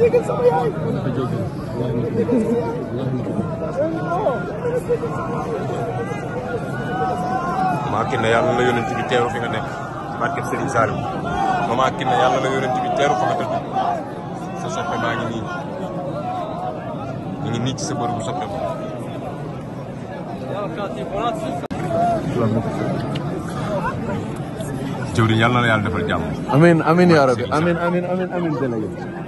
déggal sama yaay maa kin na yàlla la yonent bi teeru fi nga nekk barke Serigne Saliou maa kin na yàlla la yonent bi teeru fa nga tëdd sa soppe maa ngi nii ñu ngi nii ci sa bërëbu soppe ba jëwriñ yàlla na la yàlla defal jàmm amiin amiin yaa rabbi amiin amiin amiin amiin délégué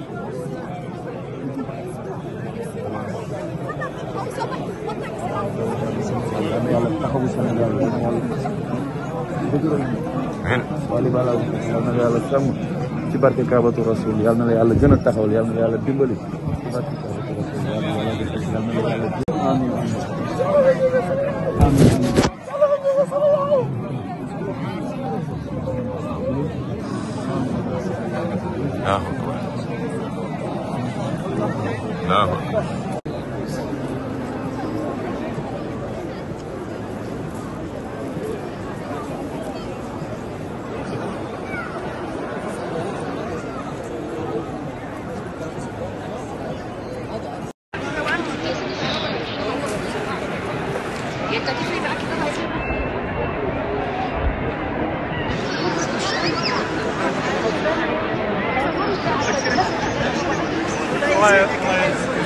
taxawu Sénégal yi wali balaa yal na la yàlla sàmm ci barke Kaabatu Rasul yal na la yàlla gën a taxawal yal na la dimbali ci barke Kaabatu Rasul yal na la yàlla gën a yal na la yàlla gën a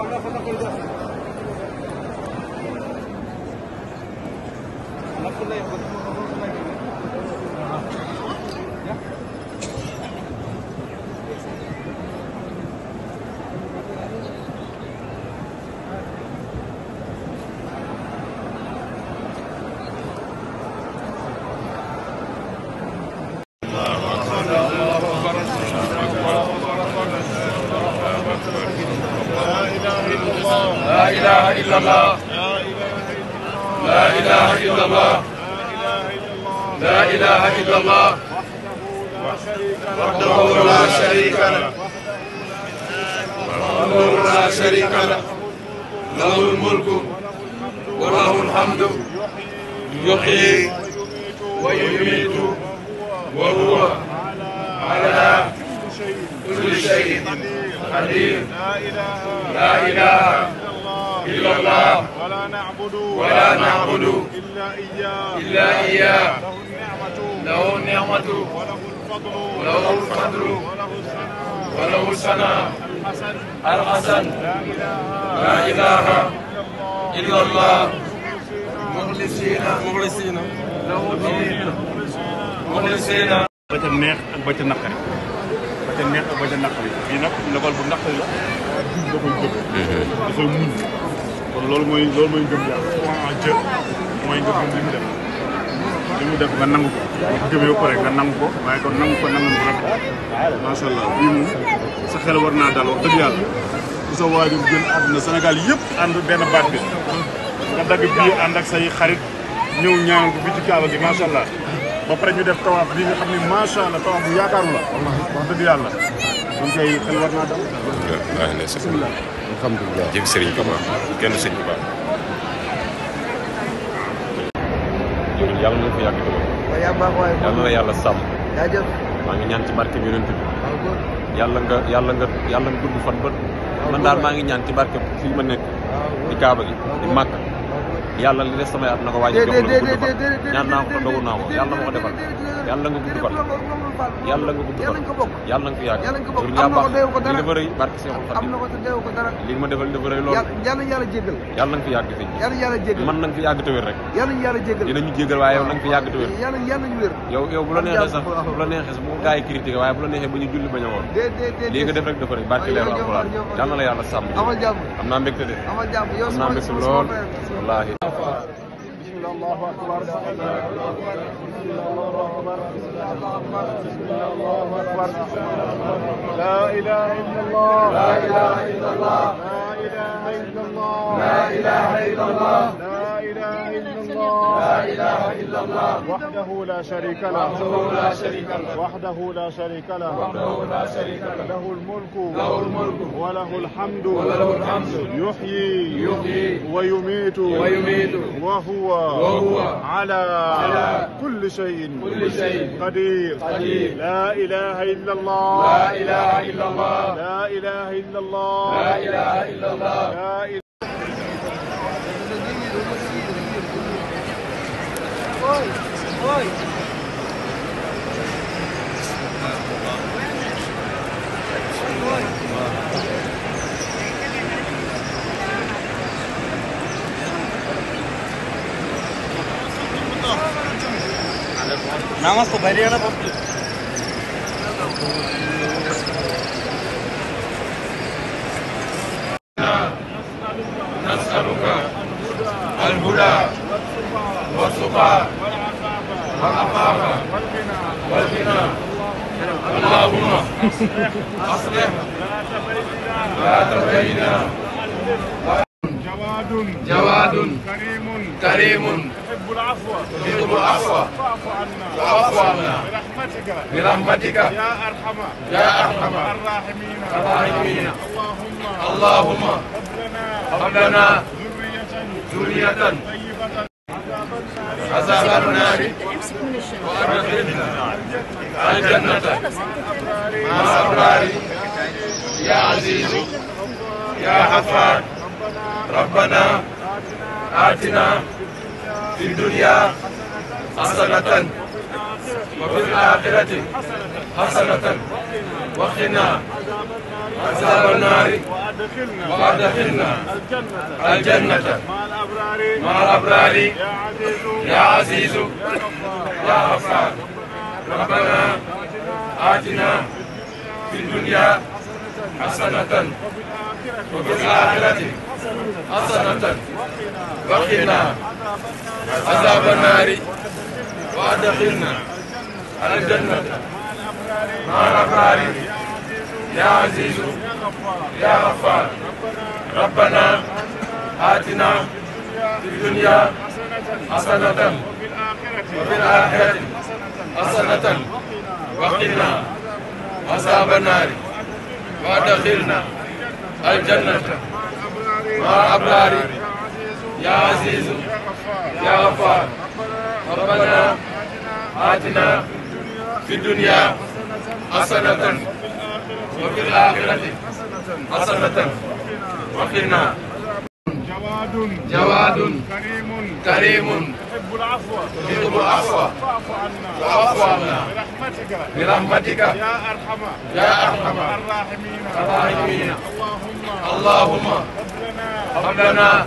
Gracias. laa ilaaha illallah laa ilaaha illallah wahdahu laa shariika lahu wahdahu laa shariika lahu lahul mulku wa lahul hamdu yuhyi wa yumiitu wa huwa alaa kulli shay'in qadiir laa ilaaha إلا الله ولا نعبد ولا نعبد إلا إياه إلا إياه له النعمة له النعمة وله الفضل وله الفضل وله الثناء وله الثناء الحسن الحسن لا إله إلا الله مخلصين مخلصين له الدين مخلصين ba ca neex ak ba ca naqari ba ca neex ak ba ca naqari fii nag ndogal bu naqari la dafay jóg dafay muñ kon loolu mooy loolu mooy gëm yàlla mooy nga gëm li mu def li nga nangu ko nga gëmee ba pare nga nangu ko waaye kon nangu ko nangu ko rek macha allah bii moom sa xel war naa dal wax dëgg yàlla ku sa waajur gën àdduna Sénégal yëpp ànd benn baat bi nga dagg bii ànd ak say xarit ñëw ñaanal ko fii ci kaaba gi macha allah ba pare ñu def tawaaf bii nga xam ne macha allah tawaaf bu yaakaaru la wax dëgg yàlla kon kay xel war naa dal. alhamdulilah jëm Serigne Touba kenn Serigne Touba. jërëjëf yàlla na ko yàgg dama. yàlla na la yàlla sàmm. maa ngi ñaan ci barke bi yonent yàlla nga yàlla nga yàlla nga gudd daal maa ngi ñaan ci barke fii ma nekk. di Kaaba gi di Màkka. yàlla li des sama yaat na ko waaj a jox la nga gudd fan ñaan naa ko dogu naa ko yàlla na ma defal yàlla nga gudd fan. yàlla nga gudd ko yàlla nga ko yàgg loolu yaa baax li dafa rëy barke Seexul Xadim li ma defal dafa rëy loolu yàlla yàlla jégal yàlla nga fi yàgg sëñ yàlla yàlla jégal man na nga fi yàgg te wér rek yàlla yàlla jégal dinañu jégal waaye yow na nga fi yàgg te wér yàlla yàlla ñu wér yow yow bu la neexee sax bu la neexee sax bu gaa yi critiqué waaye bu la neexee ba ñu julli bañ a woon lii nga def rek dafa rëy barke leeru alxuraan yàlla na la yàlla sàmm am naa mbégte de am naa mbégte lool wallaahi أكبر الله أكبر لا إله إلا الله لا إله إلا الله لا إله إلا الله لا إله إلا الله إله إلا الله وحده لا شريك له وحده لا شريك له وحده لا شريك له وحده لا شريك له له الملك له الملك وله الحمد وله الحمد يحيي يحيي ويميت ويميت وهو وهو على على كل شيء كل شيء قدير قدير لا إله إلا الله لا إله إلا الله لا إله إلا الله لا إله إلا الله لا إله Namaz da bariyana bakıyor. أصلح ذات بيننا جواد جواد كريم كريم تحب العفو تحب العفو فاعف عنا فاعف عنا برحمتك برحمتك يا أرحم يا أرحم الراحمين الراحمين اللهم اللهم هب لنا هب لنا ذرية ذرية عذاب النار وأدخلنا الجنة مع الأبرار يا عزيز يا غفار ربنا آتنا في الدنيا حسنة وفي الآخرة حسنة وقنا أصحاب النار وأدخلنا الجنة مع الأبرار يا عزيز يا غفار ربنا آتنا في الدنيا حسنة وفي الآخرة حسنة وقنا عذاب النار وأدخلنا الجنة مع الأبرار يا عزيز يا غفار ربنا آتنا في الدنيا حسنة وفي الآخرة حسنة وقنا عذاب النار وأدخلنا الجنة مع الأبرار يا عزيز يا غفار ربنا آتنا في الدنيا حسنة وفي الآخرة حسنة وقنا جواد جواد كريم كريم يحب العفو يحب العفو فاعف عنا فاعف عنا برحمتك برحمتك يا أرحم يا أرحم الراحمين الراحمين اللهم اللهم هب لنا هب لنا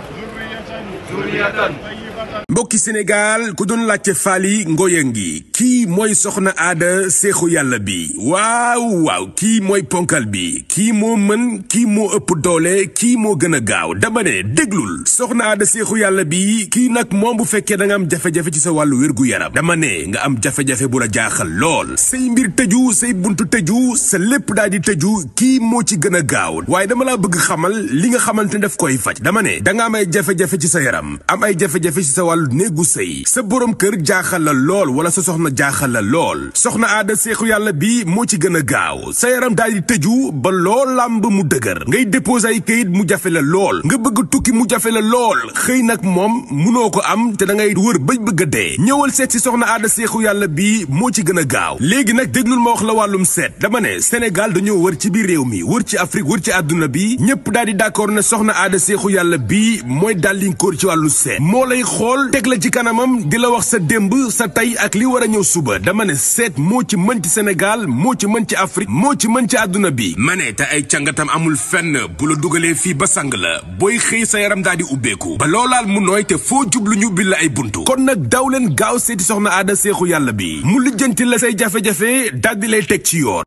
ذرية ذرية mbokki Sénégal ku doon laajte faali ngoya ngi kii mooy soxna aada seexu yàlla bi waaw waaw kii mooy ponkal bi kii moo mën kii moo ëpp doole kii moo gën a gaaw dama ne déglul soxna aada seexu yàlla bi kii nag moom bu fekkee da nga am jafe-jafe ci sa wàllu wér-gu-yaram dama ne nga am jafe bu la jaaxal lool say mbir tëju say buntu tëju sa lépp daal di tëju kii moo ci gën a gaaw waaye dama laa bëgg xamal li nga xamante ne daf koy faj dama ne danga am ay jafe-jafe ci sa yaram am ay jafe-jafe ci sa wàllu néegu sëy sa boroom kër jaaxal la lool wala sa soxna jaaxal la lool soxna aada seexu yàlla bi moo ci gën a gaaw sa daal di tëju ba loo làmb mu dëgër ngay déposé ay kayit mu jafe la lool nga bëgg tukki mu jafe la lool xëy nag moom munoo ko am te da ngay wër bañ bëgg dee ñëwal seet soxna aada seexu yàlla bi moo ci gën a gaaw léegi nag déglul ma wax la wàllum seet dama ne Sénégal dañoo wër ci biir réew mi war ci Afrique wër ci àdduna bi ñëpp daal di d'accord ne soxna aada seexu yàlla bi mooy dàllinkoor ci wàllu seet moo lay xool dul teg la ci kanamam di la wax sa démb sa tey ak li war a ñëw suba dama ne seet moo ci mën Sénégal moo ci mën ci Afrique moo ci mën ci àdduna bi ma ne te ay cangatam amul fenn bu la dugalee fii ba sang la booy xëy sa yaram daal di ubbeeku ba loolaal mu nooy te foo jublu ñu bil la ay buntu kon nag daw leen gaaw seeti soxna aada seexu yàlla bi mu lijjanti la say jafe-jafe daal di lay teg ci yoon